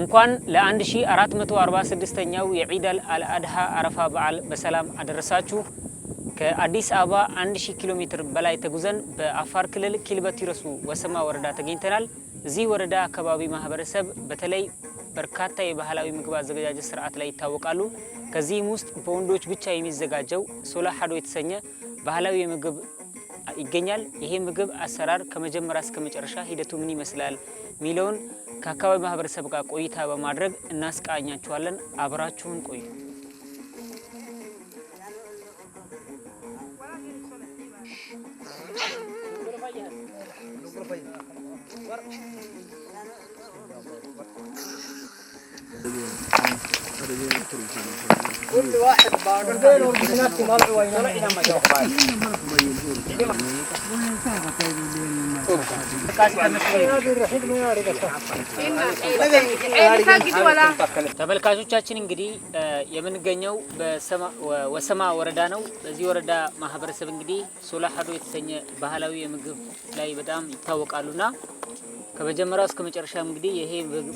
እንኳን ለ1446ኛው የዒደል አልአድሃ አረፋ በዓል በሰላም አደረሳችሁ። ከአዲስ አበባ 1000 ኪሎ ሜትር በላይ ተጉዘን በአፋር ክልል ኪልበቲረሱ ወሰማ ወረዳ ተገኝተናል። እዚህ ወረዳ አካባቢ ማህበረሰብ በተለይ በርካታ የባህላዊ ምግብ አዘገጃጀት ስርዓት ላይ ይታወቃሉ። ከዚህም ውስጥ በወንዶች ብቻ የሚዘጋጀው ሶላ ሀዶ የተሰኘ ባህላዊ የምግብ ይገኛል። ይሄ ምግብ አሰራር ከመጀመሪያ እስከ መጨረሻ ሂደቱ ምን ይመስላል ሚለውን ከአካባቢ ማህበረሰብ ጋር ቆይታ በማድረግ እናስቃኛችኋለን። አብራችሁን ቆዩ። ተመልካቾቻችን እንግዲህ የምንገኘው ወሰማ ወረዳ ነው። በዚህ ወረዳ ማህበረሰብ እንግዲህ ሶላ ሀዶ የተሰኘ ባህላዊ የምግብ ላይ በጣም ይታወቃሉና ከመጀመሪያው እስከ መጨረሻ እንግዲህ ይሄ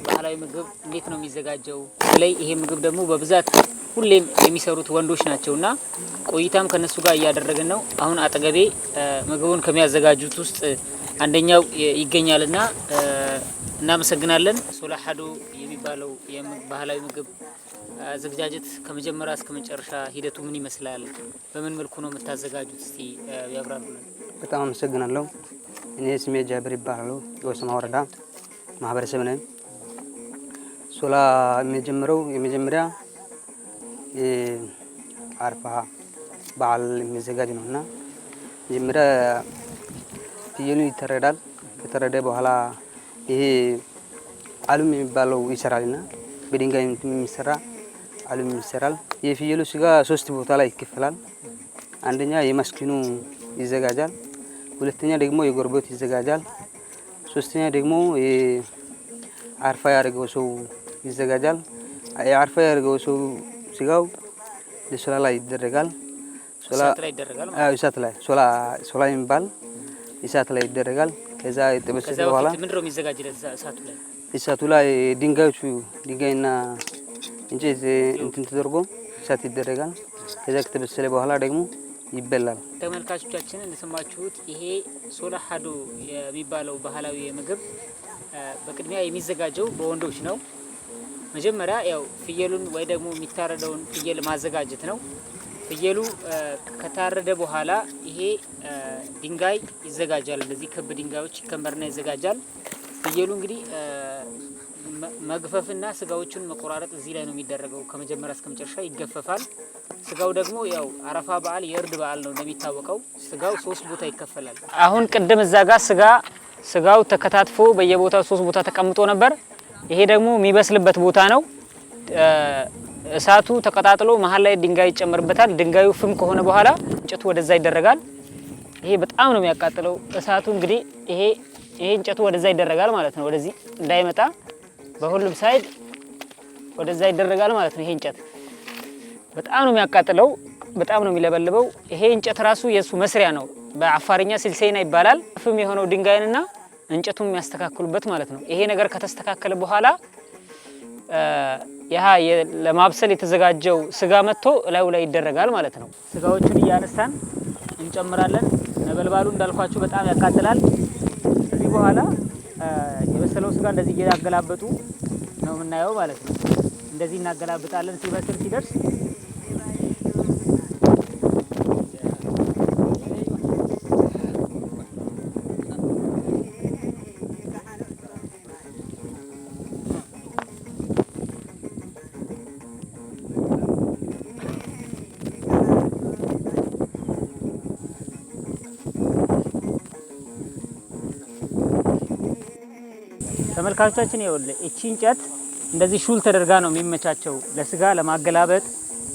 ባህላዊ ምግብ እንዴት ነው የሚዘጋጀው? በተለይ ይሄ ምግብ ደግሞ በብዛት ሁሌም የሚሰሩት ወንዶች ናቸውና ቆይታም ከነሱ ጋር እያደረግን ነው። አሁን አጠገቤ ምግቡን ከሚያዘጋጁት ውስጥ አንደኛው ይገኛል እና እናመሰግናለን። ሶላሐዶ የሚባለው ባህላዊ ምግብ አዘገጃጀት ከመጀመሪያ እስከ መጨረሻ ሂደቱ ምን ይመስላል? በምን መልኩ ነው የምታዘጋጁት? እስቲ ያብራሩልን። በጣም አመሰግናለሁ። እኔ ስሜ ጃብር ይባላለሁ። የወሰማ ወረዳ ማህበረሰብ ነኝ። ሶላ የሚጀምረው የመጀመሪያ አርፋ በዓል የሚዘጋጅ ነው እና መጀመሪያ ፍየሉ ይተረዳል። ከተረደ በኋላ ይሄ አሉም የሚባለው ይሰራል እና በድንጋይ የሚሰራ አሉም ይሰራል። የፍየሉ ስጋ ሶስት ቦታ ላይ ይከፈላል። አንደኛ የመስኪኑ ይዘጋጃል። ሁለተኛ ደግሞ የጎረቤት ይዘጋጃል። ሶስተኛ ደግሞ የአርፋ ያደረገው ሰው ይዘጋጃል። የአርፋ ያደርገው ሰው ስጋው ለሶላ ላይ ይደረጋል። እሳት ላይ ሶላ ሶላ የሚባል እሳት ላይ ይደረጋል። ከዛ የጠበሰ በኋላ እሳቱ ላይ ድንጋዮቹ ድንጋይና እንጨት እንትን ተደርጎ እሳት ይደረጋል። ከዛ ከተበሰለ በኋላ ደግሞ ይበላል። ተመልካቾቻችን እንደሰማችሁት ይሄ ሶላ ሀዶ የሚባለው ባህላዊ ምግብ በቅድሚያ የሚዘጋጀው በወንዶች ነው። መጀመሪያ ያው ፍየሉን ወይ ደግሞ የሚታረደውን ፍየል ማዘጋጀት ነው። ፍየሉ ከታረደ በኋላ ይሄ ድንጋይ ይዘጋጃል። እነዚህ ክብ ድንጋዮች ይከመርና ይዘጋጃል። ፍየሉ እንግዲህ መግፈፍና ስጋዎቹን መቆራረጥ እዚህ ላይ ነው የሚደረገው። ከመጀመሪያ እስከ መጨረሻ ይገፈፋል። ስጋው ደግሞ ያው አረፋ በዓል የእርድ በዓል ነው እንደሚታወቀው፣ ስጋው ሶስት ቦታ ይከፈላል። አሁን ቅድም እዛ ጋር ስጋ ስጋው ተከታትፎ በየቦታው ሶስት ቦታ ተቀምጦ ነበር። ይሄ ደግሞ የሚበስልበት ቦታ ነው። እሳቱ ተቀጣጥሎ መሀል ላይ ድንጋይ ይጨመርበታል። ድንጋዩ ፍም ከሆነ በኋላ እንጨቱ ወደዛ ይደረጋል። ይሄ በጣም ነው የሚያቃጥለው እሳቱ። እንግዲህ ይሄ ይሄ እንጨቱ ወደዛ ይደረጋል ማለት ነው፣ ወደዚህ እንዳይመጣ በሁሉም ሳይድ ወደዛ ይደረጋል ማለት ነው። ይሄ እንጨት በጣም ነው የሚያቃጥለው፣ በጣም ነው የሚለበልበው። ይሄ እንጨት ራሱ የእሱ መስሪያ ነው። በአፋርኛ ስልሴና ይባላል። ፍም የሆነው ድንጋይንና እንጨቱን የሚያስተካክሉበት ማለት ነው። ይሄ ነገር ከተስተካከለ በኋላ ያ ለማብሰል የተዘጋጀው ስጋ መጥቶ እላዩ ላይ ይደረጋል ማለት ነው። ስጋዎቹን እያነሳን እንጨምራለን። ነበልባሉ እንዳልኳችሁ በጣም ያቃጥላል። ከዚህ በኋላ የበሰለው ስጋ እንደዚህ እያገላበጡ ነው የምናየው ማለት ነው። እንደዚህ እናገላብጣለን። ሲበስል ሲደርስ ተመልካቾቻችን ይኸውልህ እቺ እንጨት እንደዚህ ሹል ተደርጋ ነው የሚመቻቸው ለስጋ ለማገላበጥ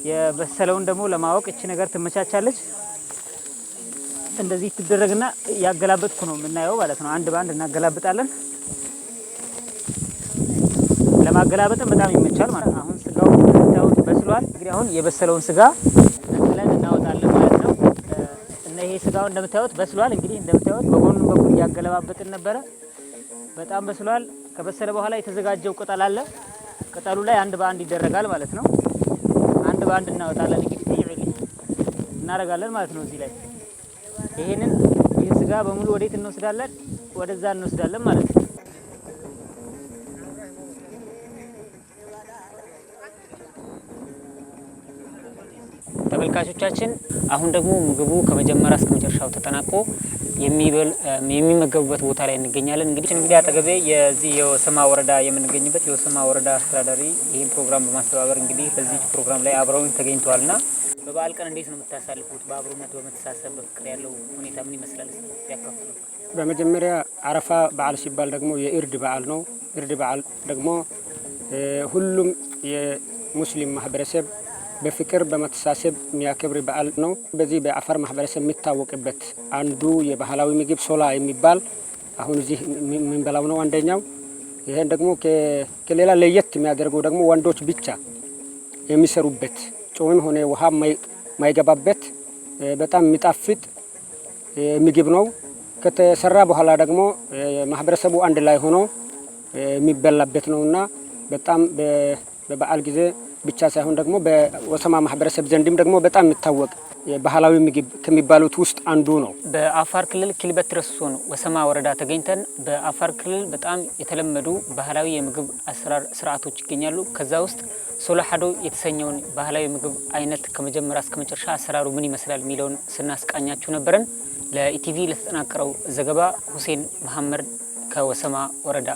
የበሰለውን ደግሞ ለማወቅ እቺ ነገር ትመቻቻለች። እንደዚህ ትደረግና ያገላበጥኩ ነው የምናየው ማለት ነው። አንድ በአንድ እናገላብጣለን። ለማገላበጥም በጣም ይመቻል ማለት ነው። አሁን ስጋው ታውት በስሏል። እንግዲህ አሁን የበሰለውን ስጋ ነጥለን እናወጣለን ማለት ነው። እና ይሄ ስጋው እንደምታዩት በስሏል። እንግዲህ እንደምታዩት በጎኑ በኩል እያገለባበጥን ነበረ። በጣም በስሏል። ከበሰለ በኋላ የተዘጋጀው ቅጠል አለ። ቅጠሉ ላይ አንድ በአንድ ይደረጋል ማለት ነው። አንድ በአንድ እናወጣለን እናደርጋለን ማለት ነው። እዚህ ላይ ይሄንን ይህ ስጋ በሙሉ ወዴት እንወስዳለን? ወደዛ እንወስዳለን ማለት ነው። ተመልካቾቻችን አሁን ደግሞ ምግቡ ከመጀመሪያ እስከ መጨረሻው ተጠናቆ የሚመገቡበት ቦታ ላይ እንገኛለን። እንግዲህ እንግዲህ አጠገቤ የዚህ የወሰማ ወረዳ የምንገኝበት የወሰማ ወረዳ አስተዳዳሪ ይህን ፕሮግራም በማስተባበር እንግዲህ በዚህ ፕሮግራም ላይ አብረውን ተገኝተዋል ና በበዓል ቀን እንዴት ነው የምታሳልፉት? በአብሮነት በመተሳሰብ በፍቅር ያለው ሁኔታ ምን ይመስላል? ያካፍሉ። በመጀመሪያ አረፋ በዓል ሲባል ደግሞ የእርድ በዓል ነው። እርድ በዓል ደግሞ ሁሉም የሙስሊም ማህበረሰብ በፍቅር በመተሳሰብ የሚያከብር በዓል ነው። በዚህ በአፋር ማህበረሰብ የሚታወቅበት አንዱ የባህላዊ ምግብ ሶላ የሚባል አሁን እዚህ የምንበላው ነው አንደኛው። ይህን ደግሞ ከሌላ ለየት የሚያደርገው ደግሞ ወንዶች ብቻ የሚሰሩበት ጨውም ሆነ ውሃ ማይገባበት በጣም የሚጣፍጥ ምግብ ነው። ከተሰራ በኋላ ደግሞ ማህበረሰቡ አንድ ላይ ሆኖ የሚበላበት ነውና በጣም በበዓል ጊዜ ብቻ ሳይሆን ደግሞ በወሰማ ማህበረሰብ ዘንድም ደግሞ በጣም የሚታወቅ ባህላዊ ምግብ ከሚባሉት ውስጥ አንዱ ነው። በአፋር ክልል ኪልበት ረሶን ወሰማ ወረዳ ተገኝተን በአፋር ክልል በጣም የተለመዱ ባህላዊ የምግብ አሰራር ስርዓቶች ይገኛሉ። ከዛ ውስጥ ሶላሓዶ የተሰኘውን ባህላዊ ምግብ አይነት ከመጀመሪያ እስከ መጨረሻ አሰራሩ ምን ይመስላል የሚለውን ስናስቃኛችሁ ነበረን። ለኢቲቪ ለተጠናቀረው ዘገባ ሁሴን መሐመድ ከወሰማ ወረዳ